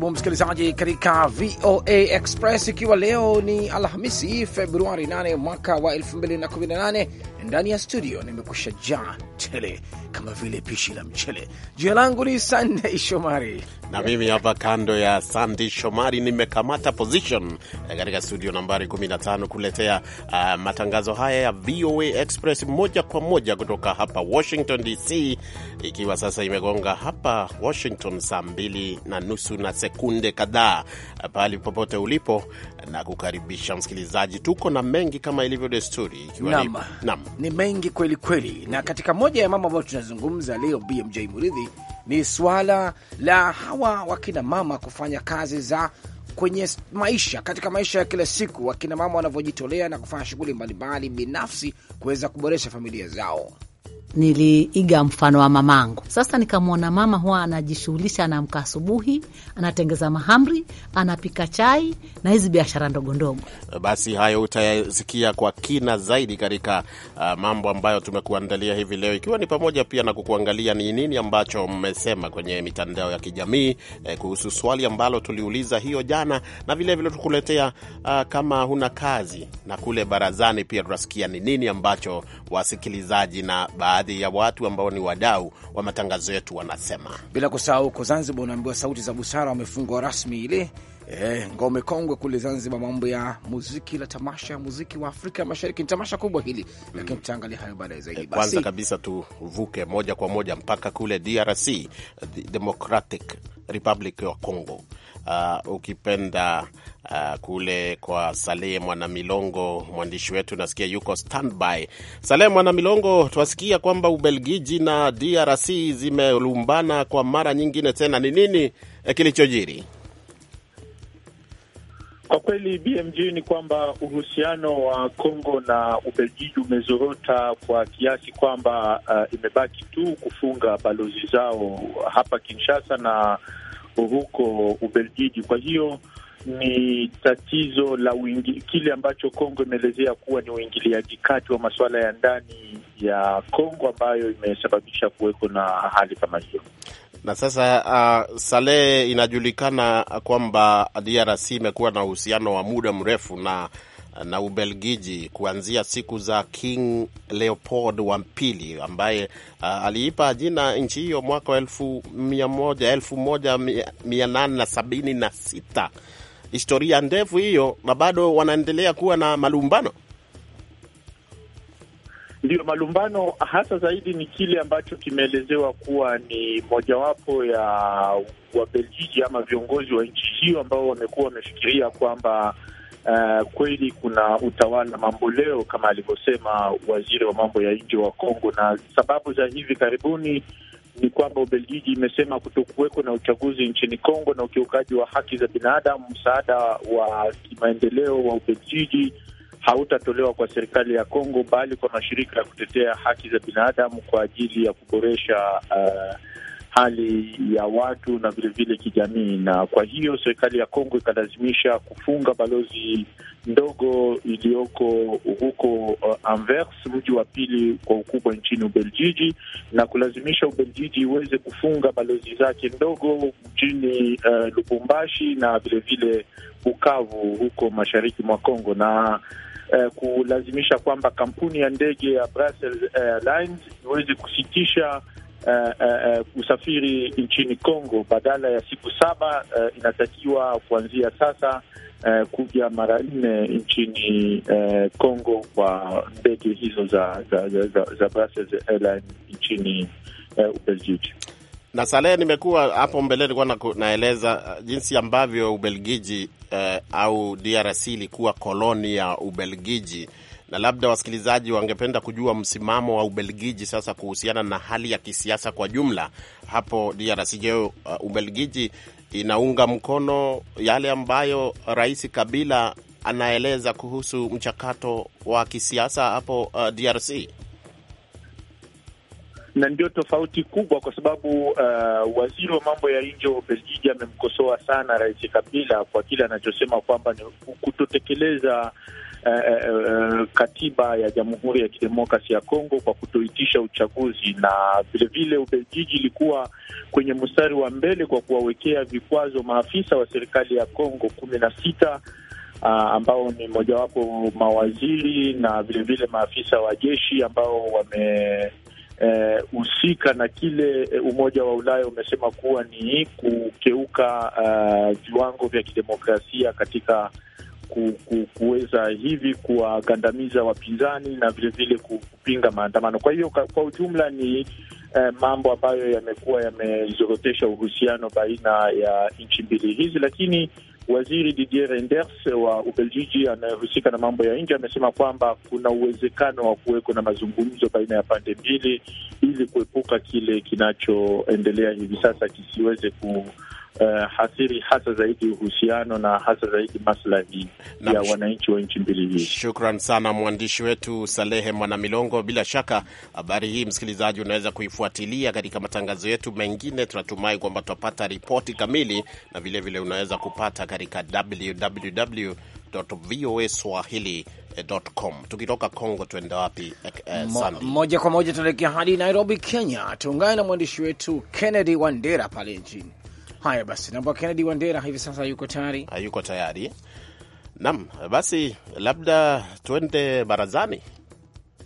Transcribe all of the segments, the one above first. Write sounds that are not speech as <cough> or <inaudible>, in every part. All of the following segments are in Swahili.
karibu msikilizaji katika VOA Express, ikiwa leo ni Alhamisi Februari 8 mwaka wa 2018. Ndani ya studio nimekusha jaa tele kama vile pishi la mchele. Jina langu ni Sandey Shomari na mimi hapa kando ya Sandey Shomari nimekamata position eh, katika studio nambari 15 kuletea uh, matangazo haya ya VOA Express moja kwa moja kutoka hapa Washington DC, ikiwa sasa imegonga hapa Washington saa mbili na nusu na sekunde kadhaa pahali popote ulipo, na kukaribisha msikilizaji. Tuko na mengi kama ilivyo desturi, ni mengi kweli kweli, na katika moja ya mambo ambayo tunazungumza leo BMJ Muridhi ni swala la hawa wakina mama kufanya kazi za kwenye maisha katika maisha ya kila siku, wakina mama wanavyojitolea na kufanya shughuli mbalimbali binafsi kuweza kuboresha familia zao niliiga mfano wa mamangu. Sasa nikamwona mama huwa anajishughulisha, anaamka asubuhi, anatengeza mahamri, anapika chai na hizi biashara ndogo ndogo. Basi hayo utayasikia kwa kina zaidi katika uh, mambo ambayo tumekuandalia hivi leo, ikiwa ni pamoja pia na kukuangalia ni nini ambacho mmesema kwenye mitandao ya kijamii eh, kuhusu swali ambalo tuliuliza hiyo jana, na vilevile tukuletea uh, kama huna kazi, na kule barazani pia tutasikia ni nini ambacho wasikilizaji na baadhi baadhi ya watu ambao ni wadau wa matangazo yetu wanasema. Bila kusahau huko Zanzibar unaambiwa Sauti za Busara wamefungwa rasmi ile Eh, ngome kongwe kule Zanzibar, mambo ya muziki la tamasha ya muziki wa Afrika Mashariki. Ni tamasha kubwa hili mm, tutaangalia hayo baadaye zaidi. Eh, kwanza kabisa tuvuke moja kwa moja mpaka kule DRC, Democratic Republic of Congo, uh, ukipenda uh, kule kwa Saleh Mwanamilongo, mwandishi wetu nasikia yuko standby. Saleh Mwanamilongo, twasikia kwamba Ubelgiji na DRC zimelumbana kwa mara nyingine tena, ni nini eh, kilichojiri? Kwa kweli bmg ni kwamba uhusiano wa Kongo na Ubelgiji umezorota kwa kiasi kwamba uh, imebaki tu kufunga balozi zao hapa Kinshasa na huko Ubelgiji. Kwa hiyo ni tatizo la uingi, kile ambacho Kongo imeelezea kuwa ni uingiliaji kati wa masuala ya ndani ya Kongo ambayo imesababisha kuweko na hali kama hiyo. Na sasa uh, Saleh, inajulikana kwamba DRC imekuwa na uhusiano wa muda mrefu na na Ubelgiji kuanzia siku za King Leopold wa pili ambaye uh, aliipa jina nchi hiyo mwaka wa elfu moja mia nane na sabini na sita historia ndefu hiyo, na bado wanaendelea kuwa na malumbano. Ndiyo, malumbano hasa zaidi ni kile ambacho kimeelezewa kuwa ni mojawapo ya Wabeljiji ama viongozi wa nchi hiyo ambao wamekuwa wamefikiria kwamba Uh, kweli kuna utawala mamboleo kama alivyosema waziri wa mambo ya nje wa Kongo, na sababu za hivi karibuni ni kwamba Ubelgiji imesema kutokuweko na uchaguzi nchini Kongo na ukiukaji wa haki za binadamu, msaada wa kimaendeleo wa Ubelgiji hautatolewa kwa serikali ya Kongo, bali kwa mashirika ya kutetea haki za binadamu kwa ajili ya kuboresha uh, hali ya watu na vilevile kijamii, na kwa hiyo serikali ya Kongo ikalazimisha kufunga balozi ndogo iliyoko huko uh, Anvers, mji wa pili kwa ukubwa nchini Ubeljiji, na kulazimisha Ubeljiji iweze kufunga balozi zake ndogo mjini uh, Lubumbashi na vilevile Bukavu huko mashariki mwa Kongo na Uh, kulazimisha kwamba kampuni ya ndege ya Brussels Airlines iweze kusitisha uh, eh, uh, eh, eh, usafiri nchini congo badala ya siku saba uh, inatakiwa kuanzia sasa uh, kuja mara nne nchini uh, kwa ndege hizo za, za, za, za, za Brussels Airlines nchini uh, Ubelgiji na Salehe, nimekuwa hapo mbele nilikuwa na, naeleza jinsi ambavyo Ubelgiji eh, au DRC ilikuwa koloni ya Ubelgiji na labda wasikilizaji wangependa kujua msimamo wa Ubelgiji sasa kuhusiana na hali ya kisiasa kwa jumla hapo DRC. Je, uh, Ubelgiji inaunga mkono yale ambayo Rais Kabila anaeleza kuhusu mchakato wa kisiasa hapo uh, DRC? na ndio tofauti kubwa kwa sababu uh, waziri wa mambo ya nje wa Ubelgiji amemkosoa sana Rais Kabila kwa kile anachosema kwamba ni kutotekeleza Eh, eh, eh, katiba ya Jamhuri ya Kidemokrasi ya Kongo kwa kutoitisha uchaguzi, na vilevile Ubelgiji ilikuwa kwenye mstari wa mbele kwa kuwawekea vikwazo maafisa wa serikali ya Kongo kumi na sita ah, ambao ni mojawapo mawaziri na vilevile vile maafisa wa jeshi ambao wamehusika eh, na kile eh, Umoja wa Ulaya umesema kuwa ni kukeuka uh, viwango vya kidemokrasia katika ku, ku, kuweza hivi kuwakandamiza wapinzani na vilevile kupinga maandamano. Kwa hiyo kwa, kwa ujumla ni eh, mambo ambayo yamekuwa yamezorotesha uhusiano baina ya nchi mbili hizi, lakini waziri Didier Reynders wa Ubeljiji anayehusika na mambo ya nje amesema kwamba kuna uwezekano wa kuweko na mazungumzo baina ya pande mbili ili kuepuka kile kinachoendelea hivi sasa kisiweze ku uh, hasiri hasa zaidi uhusiano na hasa zaidi maslahi ya wananchi wa nchi mbili hizi. Shukran sana mwandishi wetu Salehe Mwanamilongo. Bila shaka habari hii, msikilizaji, unaweza kuifuatilia katika matangazo yetu mengine. Tunatumai kwamba tutapata ripoti kamili, na vilevile vile unaweza kupata katika www voa Tukitoka Congo tuende wapi? Eh, eh Mo, moja kwa moja tuelekea hadi Nairobi, Kenya. Tuungane na mwandishi wetu Kennedy Wandera pale nchini Haya basi, naomba Kennedy Wandera hivi sasa yuko tayari, hayuko ah, tayari. Naam, basi labda tuende barazani,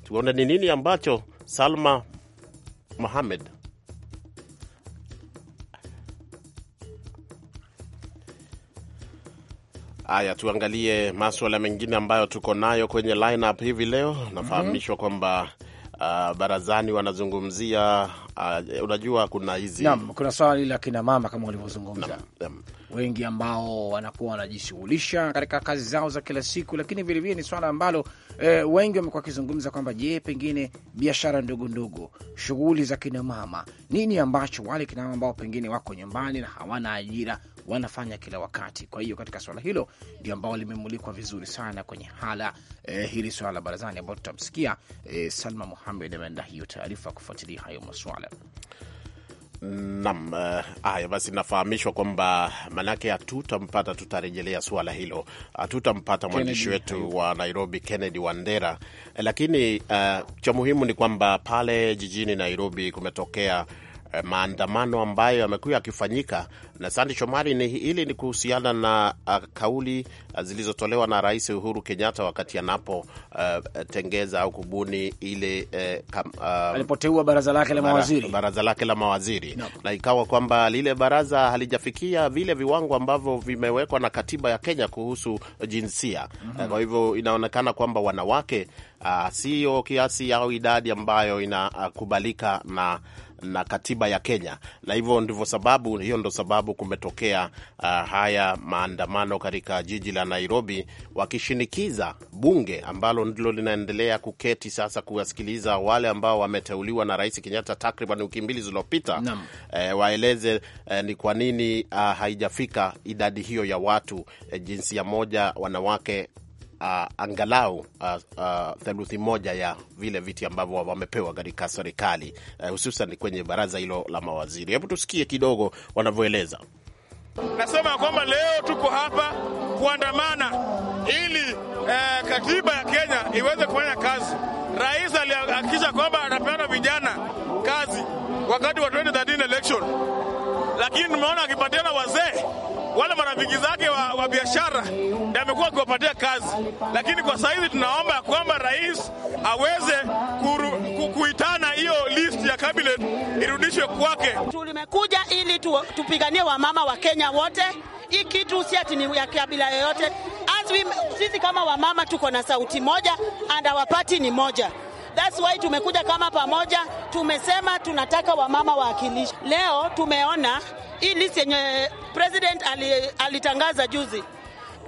tuone ni nini ambacho Salma Mohamed Haya, tuangalie maswala mengine ambayo tuko nayo kwenye lineup hivi leo. Nafahamishwa mm -hmm. kwamba uh, barazani wanazungumzia uh, unajua kuna hizi naam, kuna swali la kina mama kama walivyozungumza wengi ambao wanakuwa wanajishughulisha katika kazi zao za kila siku, lakini vilevile ni swala ambalo eh, wengi wamekuwa wakizungumza kwamba je, pengine biashara ndogo ndogo, shughuli za kinamama, nini ambacho wale kinamama ambao pengine wako nyumbani na hawana ajira wanafanya kila wakati. Kwa hiyo katika swala hilo ndio ambao limemulikwa vizuri sana kwenye hala eh, hili swala la barazani ambao tutamsikia eh, Salma Muhamed ameandaa hiyo taarifa kufuatilia hayo maswala nam eh, haya basi, nafahamishwa kwamba manake hatutampata, tutarejelea suala hilo, hatutampata mwandishi wetu wa Nairobi Kennedy Wandera, eh, lakini uh, cha muhimu ni kwamba pale jijini Nairobi kumetokea Eh, maandamano ambayo yamekuwa yakifanyika na Sandi Shomari, ni hili ni kuhusiana na uh, kauli uh, zilizotolewa na Rais Uhuru Kenyatta wakati anapotengeza uh, au kubuni ile uh, uh, alipoteua baraza lake la mawaziri, baraza lake la mawaziri no. na ikawa kwamba lile baraza halijafikia vile viwango ambavyo vimewekwa na katiba ya Kenya kuhusu jinsia mm -hmm. Kwa hivyo inaonekana kwamba wanawake uh, sio kiasi au idadi ambayo inakubalika na na katiba ya Kenya, na hivyo ndivyo sababu, hiyo ndo sababu kumetokea uh, haya maandamano katika jiji la Nairobi, wakishinikiza bunge ambalo ndilo linaendelea kuketi sasa kuwasikiliza wale ambao wameteuliwa na Rais Kenyatta takriban wiki mbili zilizopita, eh, waeleze eh, ni kwa nini uh, haijafika idadi hiyo ya watu eh, jinsia moja wanawake uh, angalau uh, uh, theluthi moja ya vile viti ambavyo wamepewa katika serikali uh, hususan kwenye baraza hilo la mawaziri. Hebu tusikie kidogo wanavyoeleza. Nasema kwamba leo tuko hapa kuandamana ili eh, katiba ya Kenya iweze kufanya kazi. Rais alihakikisha kwamba anapeana vijana kazi wakati wa 2013 election, lakini tumeona akipatiana wazee wale marafiki zake wa, wa biashara ndio amekuwa akiwapatia kazi, lakini kwa sahizi tunaomba ya kwamba rais aweze kuitana hiyo list ya cabinet irudishwe kwake. Tulimekuja ili tu, tupiganie wamama wa Kenya wote. Hii kitu si ati ni ya kabila yoyote. Sisi kama wamama tuko na sauti moja and our party ni moja. That's why tumekuja kama pamoja, tumesema tunataka wamama waakilishi. Leo tumeona hii list yenye president alitangaza juzi,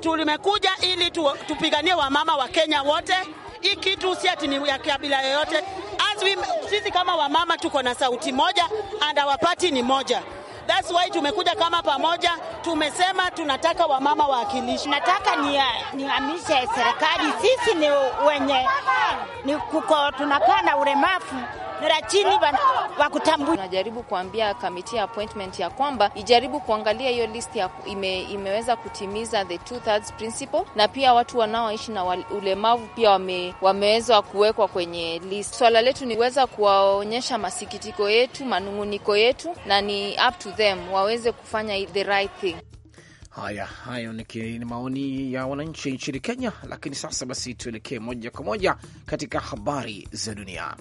tulimekuja ili tu, tupiganie wamama wa Kenya wote. Hii kitu si ati ni ya kabila yoyote. Sisi kama wamama tuko na sauti moja and our party ni moja. That's why tumekuja kama pamoja, tumesema tunataka wamama waakilishi. Nataka nihamishe ni serikali, sisi ni wenye ni kuko tunakaa na ulemavu nara chini wakutambua. Najaribu kuambia kamiti ya appointment ya kwamba ijaribu kuangalia hiyo list ya ime, imeweza kutimiza the two thirds principle, na pia watu wanaoishi na ulemavu pia wame, wameweza kuwekwa kwenye list. Swala letu ni kuweza kuwaonyesha masikitiko yetu, manung'uniko yetu, na ni up to them waweze kufanya the right thing. Haya, hayo ni maoni ya wananchi nchini Kenya. Lakini sasa basi, tuelekee moja kwa moja katika habari za dunia.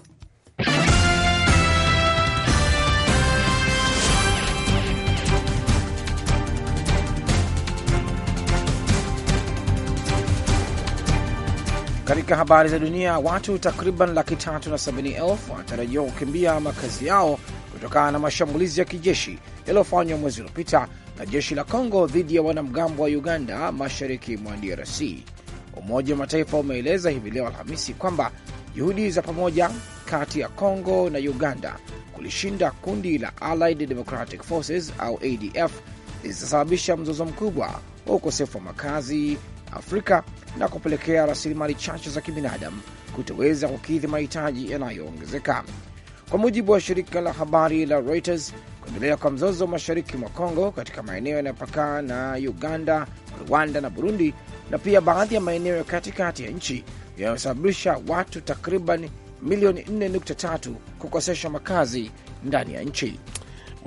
Katika habari za dunia, watu takriban laki tatu na sabini elfu wanatarajiwa kukimbia makazi yao kutokana na mashambulizi ya kijeshi yaliyofanywa mwezi uliopita na jeshi la Kongo dhidi ya wanamgambo wa Uganda mashariki mwa DRC. Umoja wa Mataifa umeeleza hivi leo Alhamisi kwamba juhudi za pamoja kati ya Kongo na Uganda kulishinda kundi la Allied Democratic Forces au ADF zilizosababisha mzozo mkubwa wa ukosefu wa makazi, Afrika na kupelekea rasilimali chache za kibinadamu kutoweza kukidhi mahitaji yanayoongezeka. Kwa mujibu wa shirika la habari la Reuters, kuendelea kwa mzozo mashariki mwa Kongo katika maeneo yanayopakana na Uganda, Rwanda na Burundi, na pia baadhi ya maeneo ya katikati ya nchi yanayosababisha watu takriban milioni 4.3 kukosesha makazi ndani ya nchi.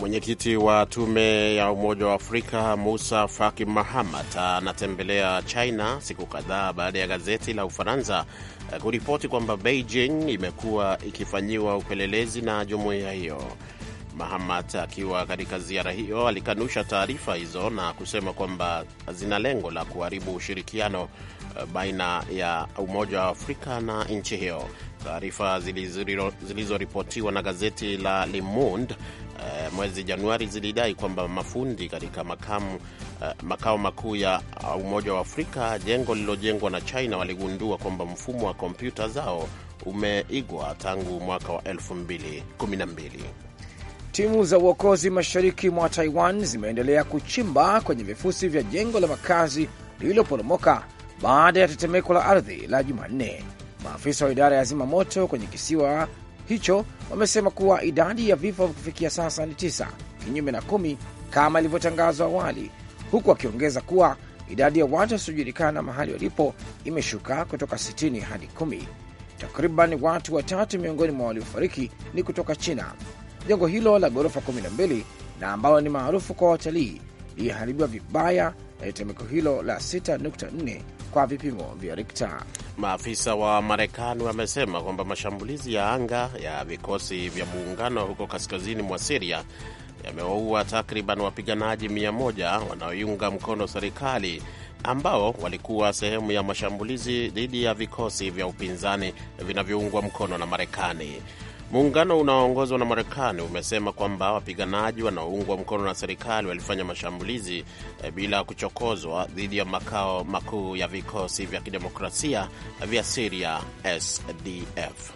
Mwenyekiti wa tume ya Umoja wa Afrika Musa Faki Mahamat anatembelea China siku kadhaa baada ya gazeti la Ufaransa eh, kuripoti kwamba Beijing imekuwa ikifanyiwa upelelezi na jumuiya hiyo. Mahamat akiwa katika ziara hiyo alikanusha taarifa hizo na kusema kwamba zina lengo la kuharibu ushirikiano eh, baina ya Umoja wa Afrika na nchi hiyo. Taarifa zilizoripotiwa na gazeti la Le Monde eh, mwezi Januari zilidai kwamba mafundi katika makamu eh, makao makuu ya ah, Umoja wa Afrika, jengo lililojengwa na China, waligundua kwamba mfumo wa kompyuta zao umeigwa tangu mwaka wa 2012. Timu za uokozi mashariki mwa Taiwan zimeendelea kuchimba kwenye vifusi vya jengo la makazi lililoporomoka baada ya tetemeko la ardhi la Jumanne. Maafisa wa idara ya zima moto kwenye kisiwa hicho wamesema kuwa idadi ya vifo kufikia sasa ni tisa, kinyume na kumi kama ilivyotangazwa awali, huku akiongeza kuwa idadi ya watu wasiojulikana mahali walipo imeshuka kutoka 60 hadi 1 Takriban watu watatu miongoni mwa waliofariki ni kutoka China. Jengo hilo la ghorofa 12 na ambalo ni maarufu kwa watalii liliharibiwa vibaya na tetemeko hilo la 6.4 kwa vipimo vya Rikta. Maafisa wa Marekani wamesema kwamba mashambulizi ya anga ya vikosi vya muungano huko kaskazini mwa Siria yamewaua takriban wapiganaji 1 wanaoiunga mkono serikali ambao walikuwa sehemu ya mashambulizi dhidi ya vikosi vya upinzani vinavyoungwa mkono na Marekani. Muungano unaoongozwa na Marekani umesema kwamba wapiganaji wanaoungwa mkono na serikali walifanya mashambulizi e, bila kuchokozwa dhidi ya makao makuu ya vikosi vya kidemokrasia vya Siria SDF.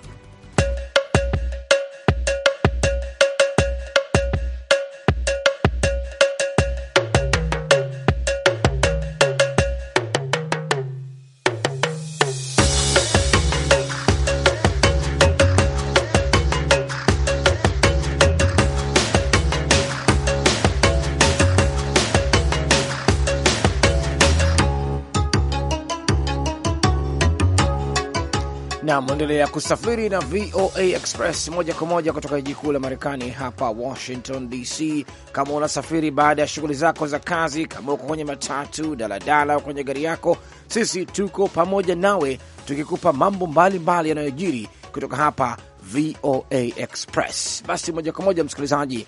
Unaendelea kusafiri na VOA Express moja kwa moja kutoka jiji kuu la Marekani hapa Washington DC. Kama unasafiri baada ya shughuli zako za kazi, kama uko kwenye matatu, daladala au kwenye gari yako, sisi tuko pamoja nawe tukikupa mambo mbalimbali yanayojiri kutoka hapa VOA Express. Basi moja kwa moja, msikilizaji,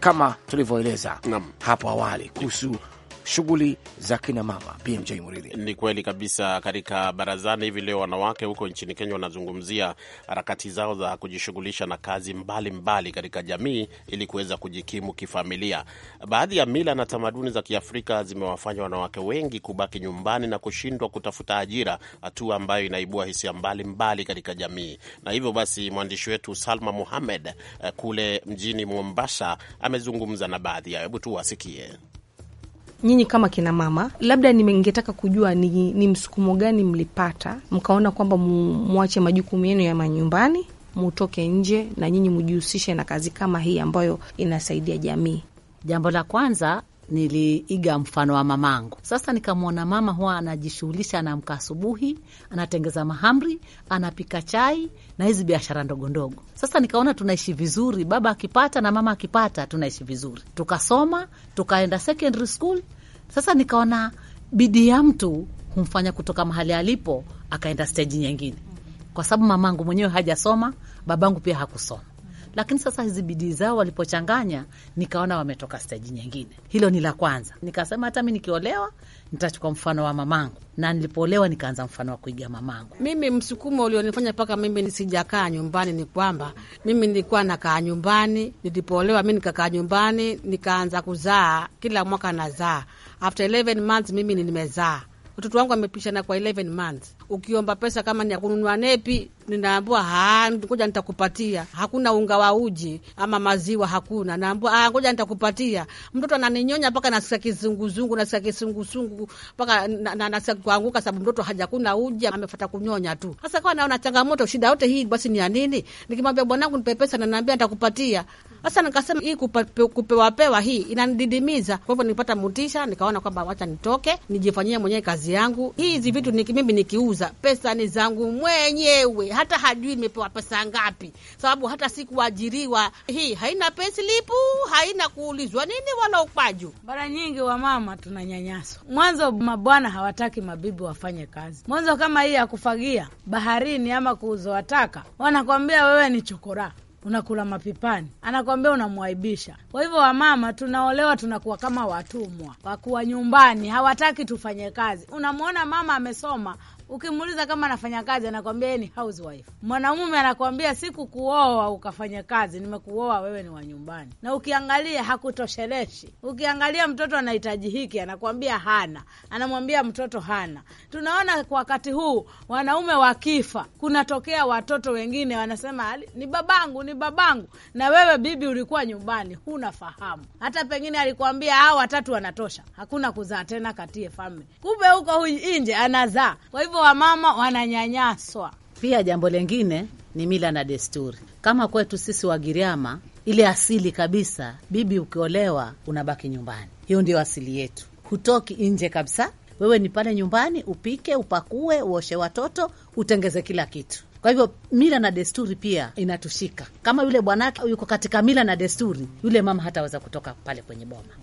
kama tulivyoeleza hapo awali kuhusu shughuli za mama. BMJ Muridhi, ni kweli kabisa. Katika barazani hivi leo, wanawake huko nchini Kenya wanazungumzia harakati zao za kujishughulisha na kazi mbalimbali mbali katika jamii ili kuweza kujikimu kifamilia. Baadhi ya mila na tamaduni za Kiafrika zimewafanya wanawake wengi kubaki nyumbani na kushindwa kutafuta ajira, hatua ambayo inaibua hisia mbalimbali katika jamii. Na hivyo basi, mwandishi wetu Salma Muhamed eh, kule mjini Mombasa amezungumza na baadhi yao. Hebu tuwasikie nyinyi kama kina mama, labda ningetaka kujua ni, ni msukumo gani mlipata mkaona kwamba mwache majukumu yenu ya manyumbani mutoke nje na nyinyi mujihusishe na kazi kama hii ambayo inasaidia jamii? Jambo la kwanza niliiga mfano wa mamangu. Sasa nikamwona mama huwa anajishughulisha, anaamka asubuhi, anatengeza mahamri, anapika chai na hizi biashara ndogo ndogo. Sasa nikaona tunaishi vizuri, baba akipata na mama akipata, tunaishi vizuri. Tukasoma, tukaenda secondary school. Sasa nikaona bidii ya mtu humfanya kutoka mahali alipo akaenda steji nyingine, kwa sababu mamangu mwenyewe hajasoma, babangu pia hakusoma. Lakini sasa hizi bidii zao walipochanganya, nikaona wametoka steji nyingine. Hilo ni la kwanza. Nikasema hata mi nikiolewa nitachukua mfano wa mamangu, na nilipoolewa nikaanza mfano wa kuiga mamangu. Mimi msukumo ulionifanya mpaka mimi nisijakaa nyumbani ni kwamba mimi nilikuwa nakaa nyumbani, nilipoolewa mi nikakaa nyumbani, nikaanza kuzaa. Kila mwaka nazaa, after 11 months mimi nimezaa mtoto wangu amepishana kwa 11 months, ukiomba pesa kama ni ya kununua nepi, ninaambiwa ah, ngoja nitakupatia. Hakuna unga wa uji ama maziwa, hakuna. Naambiwa ah, ngoja nitakupatia. Mtoto ananinyonya mpaka nasikia kizunguzungu, nasikia kizunguzungu mpaka na, nasikia kuanguka, sababu mtoto hajakuna uji, amefuata kunyonya tu. Sasa kwa naona changamoto, shida yote hii basi ni ya nini? Nikimwambia bwanangu nipe pesa, ananiambia nitakupatia sasa nikasema hii kupe, kupewapewa hii inanididimiza. Kwa hivyo nilipata mutisha, nikaona kwamba wacha nitoke nijifanyie mwenyewe kazi yangu. Hizi vitu niki, mimi nikiuza pesa ni zangu mwenyewe, hata hajui nimepewa pesa ngapi, sababu hata sikuajiriwa. Hii haina pesilipu haina kuulizwa nini wala ukwaju. Mara nyingi wamama tunanyanyaswa. Mwanzo mabwana hawataki mabibi wafanye kazi, mwanzo kama hii ya kufagia baharini ama kuuzoataka, wanakwambia wewe ni chokora unakula mapipani, anakuambia unamwaibisha. Kwa hivyo wamama tunaolewa tunakuwa kama watumwa, wakuwa nyumbani, hawataki tufanye kazi. Unamwona mama amesoma, Ukimuuliza kama anafanya kazi, anakwambia ni housewife. Mwanamume anakwambia kuoa ukafanya kazi, nimekuoa wewe ni wa nyumbani. Na ukiangalia hakutosheleshi. Ukiangalia mtoto anahitaji hiki, anakwambia hana, anamwambia mtoto hana. Tunaona kwa wakati huu wanaume wakifa, kunatokea watoto wengine wanasema ni babangu, ni babangu, na wewe bibi ulikuwa nyumbani, huna fahamu. Hata pengine alikwambia hao watatu wanatosha, hakuna kuzaa tena katie famili, kumbe huko nje anazaa. Kwa hivyo mama wananyanyaswa. Pia jambo lengine ni mila na desturi. Kama kwetu sisi Wagiriama, ile asili kabisa, bibi ukiolewa unabaki nyumbani. Hiyo ndio asili yetu, hutoki nje kabisa. Wewe ni pale nyumbani, upike, upakue, uoshe watoto, utengeze kila kitu. Kwa hivyo mila na desturi pia inatushika. Kama yule bwanake yuko katika mila na desturi, yule mama hataweza kutoka pale kwenye boma.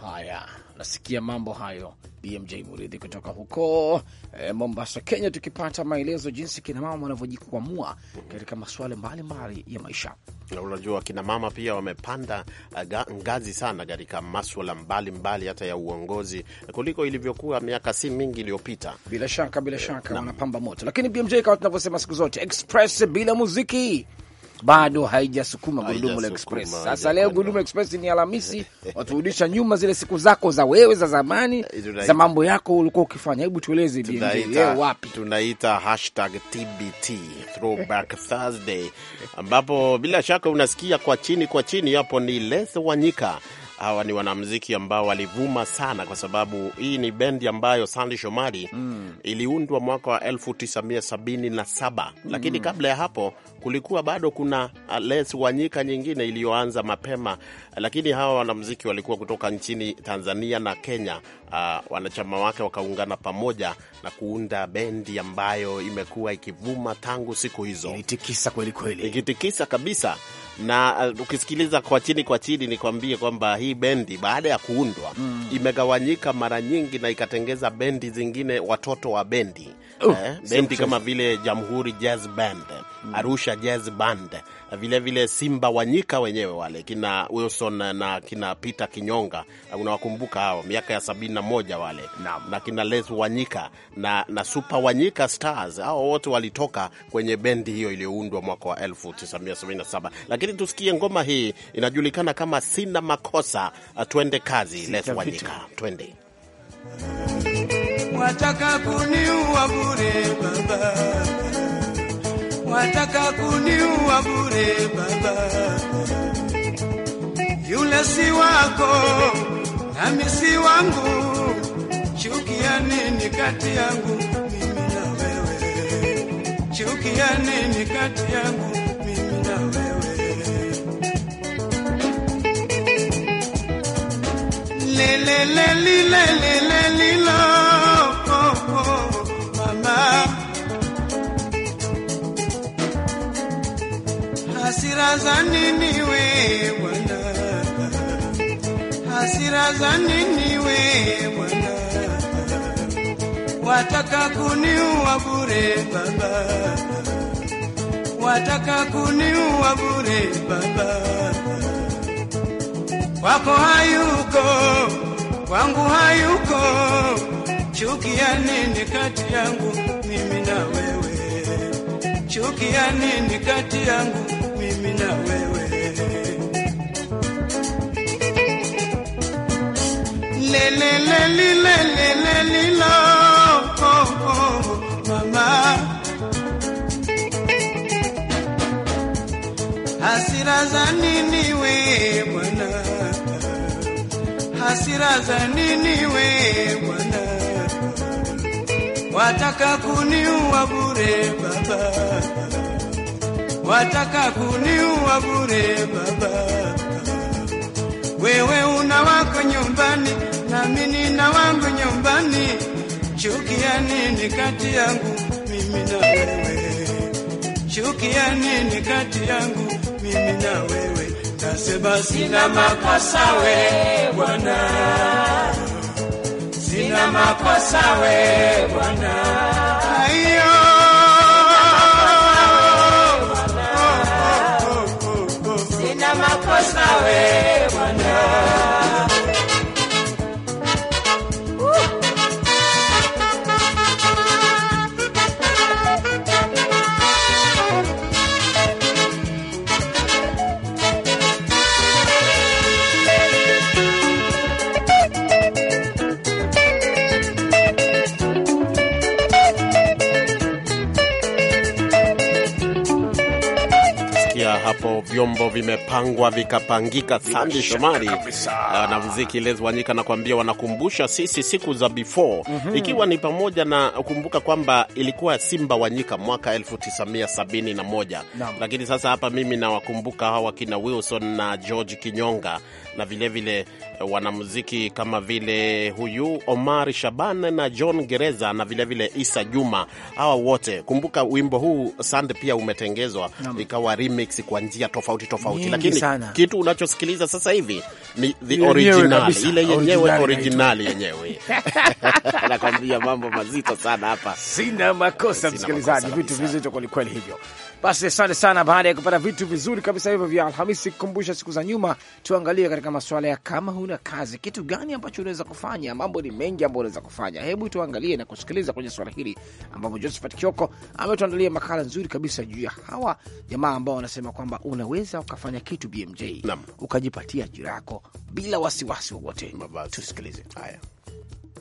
Haya nasikia mambo hayo BMJ Muridhi kutoka huko e, Mombasa, Kenya, tukipata maelezo jinsi kinamama wanavyojikwamua katika masuala mbalimbali ya maisha. Unajua, kinamama pia wamepanda eh, ngazi sana katika maswala mbalimbali hata ya uongozi kuliko ilivyokuwa miaka si mingi iliyopita. Bila shaka, bila shaka wanapamba moto, lakini BMJ kama tunavyosema siku zote express bila muziki bado haijasukuma gurudumu la Express. Sasa leo gurudumu la Express ni Alhamisi, <laughs> waturudisha nyuma zile siku zako za wewe za zamani eh, za mambo yako ulikuwa ukifanya. Hebu tueleze leo wapi? Tunaita hashtag TBT Throwback Thursday, ambapo bila shaka unasikia kwa chini kwa chini hapo ni Lethe Wanyika. Hawa ni wanamziki ambao walivuma sana kwa sababu hii ni bendi ambayo Sandi Shomari mm. iliundwa mwaka wa 1977 mm. lakini kabla ya hapo kulikuwa bado kuna uh, Les Wanyika nyingine iliyoanza mapema, lakini hawa wanamuziki walikuwa kutoka nchini Tanzania na Kenya. Uh, wanachama wake wakaungana pamoja na kuunda bendi ambayo imekuwa ikivuma tangu siku hizo, ikitikisa kweli kweli, ikitikisa kabisa na uh, ukisikiliza kwa chini kwa chini, nikwambie kwamba hii bendi baada ya kuundwa mm, imegawanyika mara nyingi na ikatengeza bendi zingine, watoto wa bendi uh, eh, bendi kama vile Jamhuri Jazz Band Mm. Arusha Jazz Band, vilevile vile Simba Wanyika wenyewe wale kina Wilson na kina Peter Kinyonga, unawakumbuka hao miaka ya sabini na moja wale na, na kina Les Wanyika na, na Super Wanyika Stars, hao wote walitoka kwenye bendi hiyo iliyoundwa mwaka wa 1977. Lakini tusikie ngoma hii, inajulikana kama Sina Makosa. Uh, twende kazi, Les Wanyika, twende wataka kuniua bure baba wataka kuniua bure baba, yule si wako nami si wangu, chukia nini kati yangu mimi na wewe? Chukia nini kati yangu mimi na wewe? lelelelilelelelilo Hasira za nini we Bwana? Hasira za nini we Bwana? Wataka kuniua bure Baba, wataka kuniua bure Baba. Wako hayuko, wangu hayuko, chukia nini kati yangu mimi nawe? chuki ya nini kati yangu mimi na wewe? lele lele lele lele lo oh, oh, mama, hasira za nini we bwana, hasira za nini we bwana wataka kuniua bure baba, wataka kuniua bure baba. Wewe una wako nyumbani, nami nina wangu nyumbani, chukia nini kati yangu mimi na wewe? Chukia nini kati yangu mimi na wewe? Nasema sina makosa, we Bwana na makosa we Bwana. vikapangwa vikapangika. Sandi Shomari na mziki Les Wanyika kuambia wanakumbusha sisi siku za before mm -hmm. ikiwa ni pamoja na kumbuka kwamba ilikuwa Simba Wanyika mwaka 1971 lakini sasa hapa mimi nawakumbuka hawa kina Wilson na George Kinyonga na vilevile vile eh, wanamuziki kama vile huyu Omar Shaban na John Gereza na vilevile vile Isa Juma. Hawa wote kumbuka, wimbo huu Sand pia umetengezwa ikawa remix kwa njia tofauti tofauti, lakini sana. Kitu unachosikiliza sasa hivi ni the original, ile yenyewe originali yenyewe. <laughs> Nakwambia mambo mazito sana hapa, sina makosa msikilizaji, vitu vizito kwelikweli hivyo. Basi asante sana. Baada ya kupata vitu vizuri kabisa hivyo vya Alhamisi kukumbusha siku za nyuma, tuangalie katika masuala ya kama huna kazi, kitu gani ambacho unaweza kufanya? Mambo ni mengi ambayo unaweza kufanya. Hebu tuangalie na kusikiliza kwenye swala hili, ambapo Josephat Kioko ametuandalia makala nzuri kabisa juu ya hawa jamaa ambao wanasema kwamba unaweza ukafanya kitu BMJ ukajipatia ajira yako bila wasiwasi wowote. Tusikilize haya.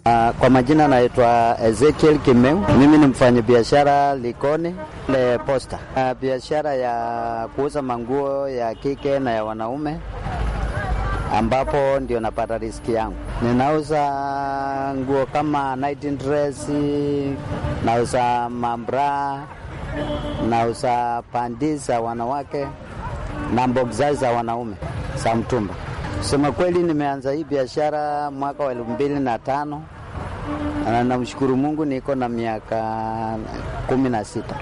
Uh, kwa majina naitwa Ezekiel Kimeu. Mimi ni mfanyabiashara Likoni le Posta. Uh, biashara ya kuuza manguo ya kike na ya wanaume ambapo ndio napata riski yangu. Ninauza nguo kama night dress, nauza mambra, nauza pandi za wanawake na mbogzai za wanaume za mtumba. Kusema kweli, nimeanza hii biashara mwaka wa elfu mbili na tano Namshukuru Mungu niko na miaka kumi na sita.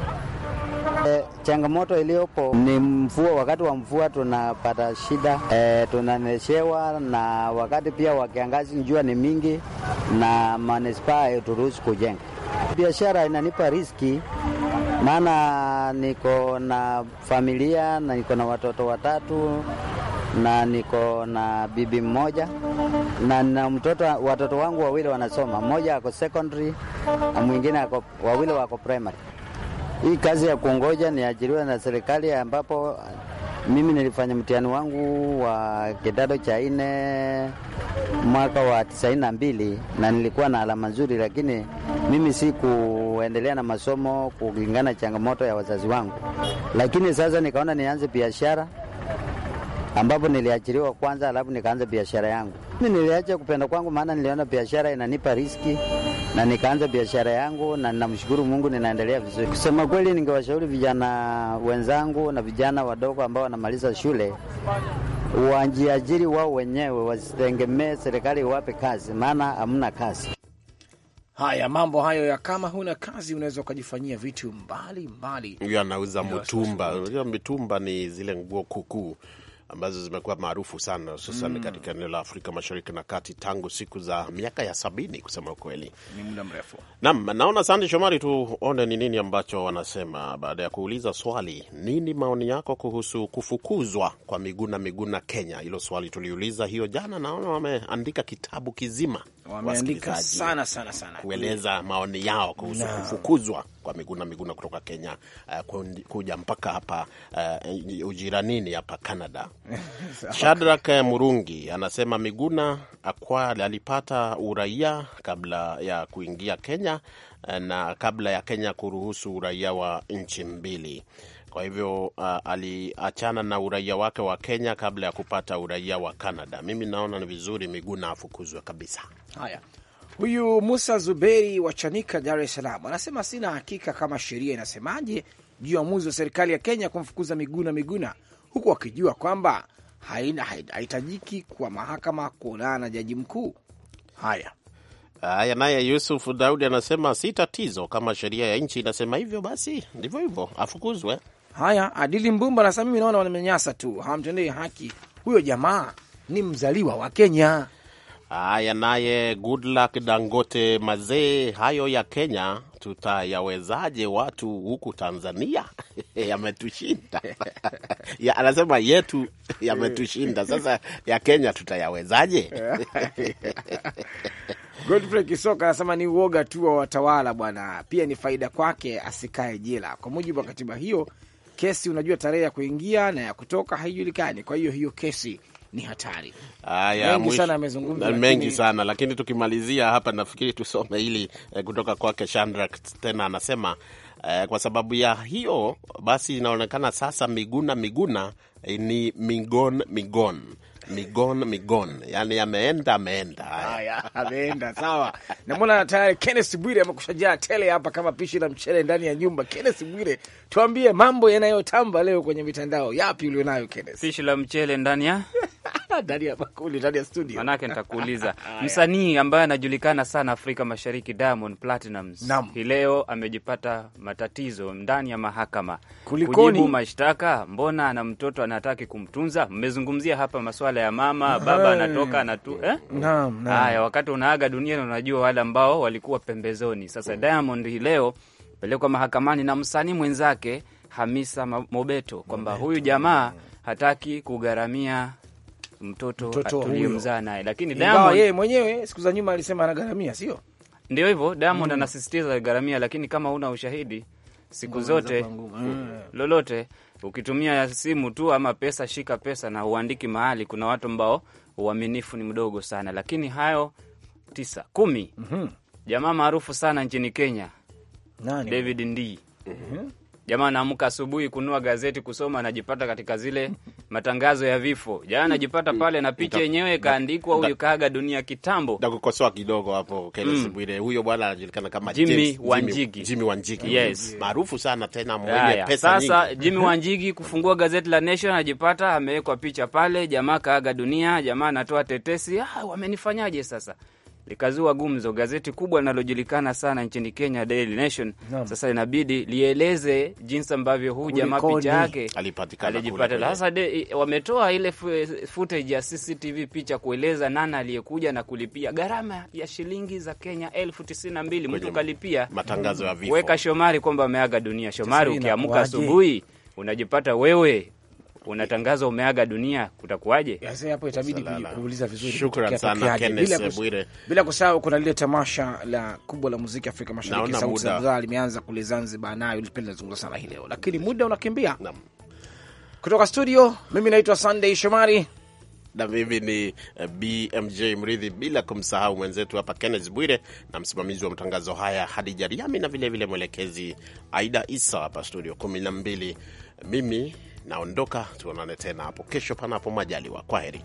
E, changamoto iliyopo ni mvua. Wakati wa mvua tunapata shida e, eh, tunaneshewa na wakati pia wa kiangazi jua ni mingi na manispaa haituruhusu kujenga. Biashara inanipa riski, maana niko na familia na niko na watoto watatu na niko na bibi mmoja na na mtoto watoto wangu wawili wanasoma, mmoja ako secondary na mwingine ako, wawili wako primary. Hii kazi ya kungoja niajiriwa na serikali, ambapo mimi nilifanya mtihani wangu wa kidato cha nne mwaka wa tisaini na mbili na nilikuwa na alama nzuri, lakini mimi si kuendelea na masomo kulingana changamoto ya wazazi wangu, lakini sasa nikaona nianze biashara ambapo niliajiriwa kwanza, alafu nikaanza biashara yangu. Niliacha kupenda kwangu, maana niliona biashara inanipa riski na nikaanza biashara yangu, na ninamshukuru Mungu, ninaendelea vizuri. Kusema kweli, ningewashauri vijana wenzangu na vijana wadogo ambao wanamaliza shule wajiajiri wao wenyewe, wasitegemee serikali iwape kazi, maana hamna kazi. Haya mambo hayo ya kama huna kazi unaweza ukajifanyia vitu mbalimbali. Huyo anauza mtumba. Unajua mitumba ni zile nguo kukuu ambazo zimekuwa maarufu sana hususan mm. katika eneo la Afrika Mashariki na Kati tangu siku za miaka ya sabini kusema ukweli, ni muda mrefu. Naam, naona Sande Shomari, tuone ni nini ambacho wanasema baada ya kuuliza swali, nini maoni yako kuhusu kufukuzwa kwa Miguna Miguna Kenya? Hilo swali tuliuliza hiyo jana, naona wameandika kitabu kizima, wameandika sana sana sana kueleza maoni yao kuhusu no. kufukuzwa kwa Miguna Miguna kutoka Kenya uh, kuja mpaka hapa uh, eh, ujiranini hapa Canada. <laughs> Shadrak Murungi anasema Miguna Akwal alipata uraia kabla ya kuingia Kenya na kabla ya Kenya kuruhusu uraia wa nchi mbili. Kwa hivyo uh, aliachana na uraia wake wa Kenya kabla ya kupata uraia wa Canada. Mimi naona ni vizuri Miguna afukuzwe kabisa. Haya, huyu Musa Zuberi wa Chanika, Dar es Salaam, anasema sina hakika kama sheria inasemaje juu ya uamuzi wa serikali ya Kenya kumfukuza Miguna Miguna huku wakijua kwamba haina haitajiki kwa mahakama kuonana na jaji mkuu. Haya haya, naye Yusuf Daudi anasema si tatizo, kama sheria ya nchi inasema hivyo, basi ndivyo hivyo, afukuzwe. Haya, Adili Mbumba anasema mimi naona wanamenyasa tu, hamtendei haki huyo jamaa, ni mzaliwa wa Kenya. Haya, naye Goodluck Dangote mazee, hayo ya Kenya tutayawezaje watu huku Tanzania <laughs> yametushinda <laughs> ya, anasema yetu yametushinda, sasa ya Kenya tutayawezaje? <laughs> Godfrey Kisoka anasema ni uoga tu wa watawala bwana, pia ni faida kwake asikae jela. Kwa mujibu wa katiba hiyo, kesi unajua tarehe ya kuingia na ya kutoka haijulikani, kwa hiyo hiyo kesi ni hatari. Aya, mengi sana amezungumza, mengi sana lakini tukimalizia hapa, nafikiri tusome hili eh, kutoka kwake Shandrak tena anasema eh, kwa sababu ya hiyo basi, inaonekana sasa Miguna Miguna eh, ni Migon Migon Migon Migon, yani ameenda ameenda, haya ameenda sawa. Namwona tayari Kenneth Bwire amekushajaa tele hapa kama pishi la mchele ndani ya nyumba. Kenneth Bwire, tuambie mambo yanayotamba leo kwenye mitandao, yapi ulionayo Kenneth? Pishi la mchele ndani ya ndani ya bakuli, ndani ya studio. Manake nitakuuliza <laughs> msanii ambaye anajulikana sana Afrika Mashariki, Diamond Platnumz, hii leo amejipata matatizo ndani ya mahakama Kulikoni? kujibu mashtaka, mbona ana mtoto anataki kumtunza. Mmezungumzia hapa maswala ya mama baba anatoka anatu eh? wakati unaaga dunia na unajua wale ambao walikuwa pembezoni. Sasa Diamond hii leo pelekwa mahakamani na msanii mwenzake Hamisa Mobeto kwamba huyu jamaa hataki kugharamia mtoto, mtoto tuliyomzaa naye, lakini Diamond yeye mwenyewe siku za nyuma alisema anagharamia, sio ndio hivyo? Diamond mm. anasisitiza gharamia, lakini kama una ushahidi siku Mwana zote mm. lolote ukitumia simu tu ama pesa, shika pesa na uandiki mahali. Kuna watu ambao uaminifu ni mdogo sana, lakini hayo tisa kumi, mm -hmm. jamaa maarufu sana nchini Kenya nani? David Ndii mm -hmm. Jamaa anaamka asubuhi kunua gazeti kusoma, anajipata katika zile matangazo ya vifo. jamaa anajipata pale na picha yenyewe ikaandikwa, huyu kaaga dunia kitambo. Nakukosoa kidogo hapo Kelesibwile, mm. huyo bwana anajulikana kama Jimmy Wanjigi, Jimmy Wanjigi, yes, maarufu sana tena, mwenye pesa nyingi. Sasa Jimmy Wanjigi kufungua gazeti la Nation, anajipata amewekwa picha pale, jamaa kaaga dunia. Jamaa anatoa tetesi, ah, wamenifanyaje sasa likazua gumzo. Gazeti kubwa linalojulikana sana nchini Kenya, Daily Nation, sasa inabidi lieleze jinsi ambavyo huu jamaa picha yake alijipata. Sasa wametoa ile footage ya CCTV picha kueleza nani aliyekuja na kulipia gharama ya shilingi za Kenya elfu tisini na mbili. Mtu kalipia matangazo ya vifo, weka Shomari kwamba ameaga dunia. Shomari, ukiamka asubuhi unajipata wewe unatangaza umeaga dunia, kutakuwaje? Hapo itabidi kuuliza vizuri. Shukrani sana Kenneth Bwire, bila kusahau kuna lile tamasha la kubwa la muziki Afrika Mashariki, sauti za bidhaa limeanza kule Zanzibar, nayo lipenda zungumza sana hii leo, lakini mm. muda unakimbia. Naam, kutoka studio, mimi naitwa Sunday Shomari na mimi ni eh, BMJ Mridhi, bila kumsahau mwenzetu hapa Kenneth Bwire na msimamizi wa matangazo haya Hadija Riami na vilevile mwelekezi Aida Isa hapa studio 12 mimi Naondoka, tuonane tena hapo kesho, panapo majaliwa. Kwa heri.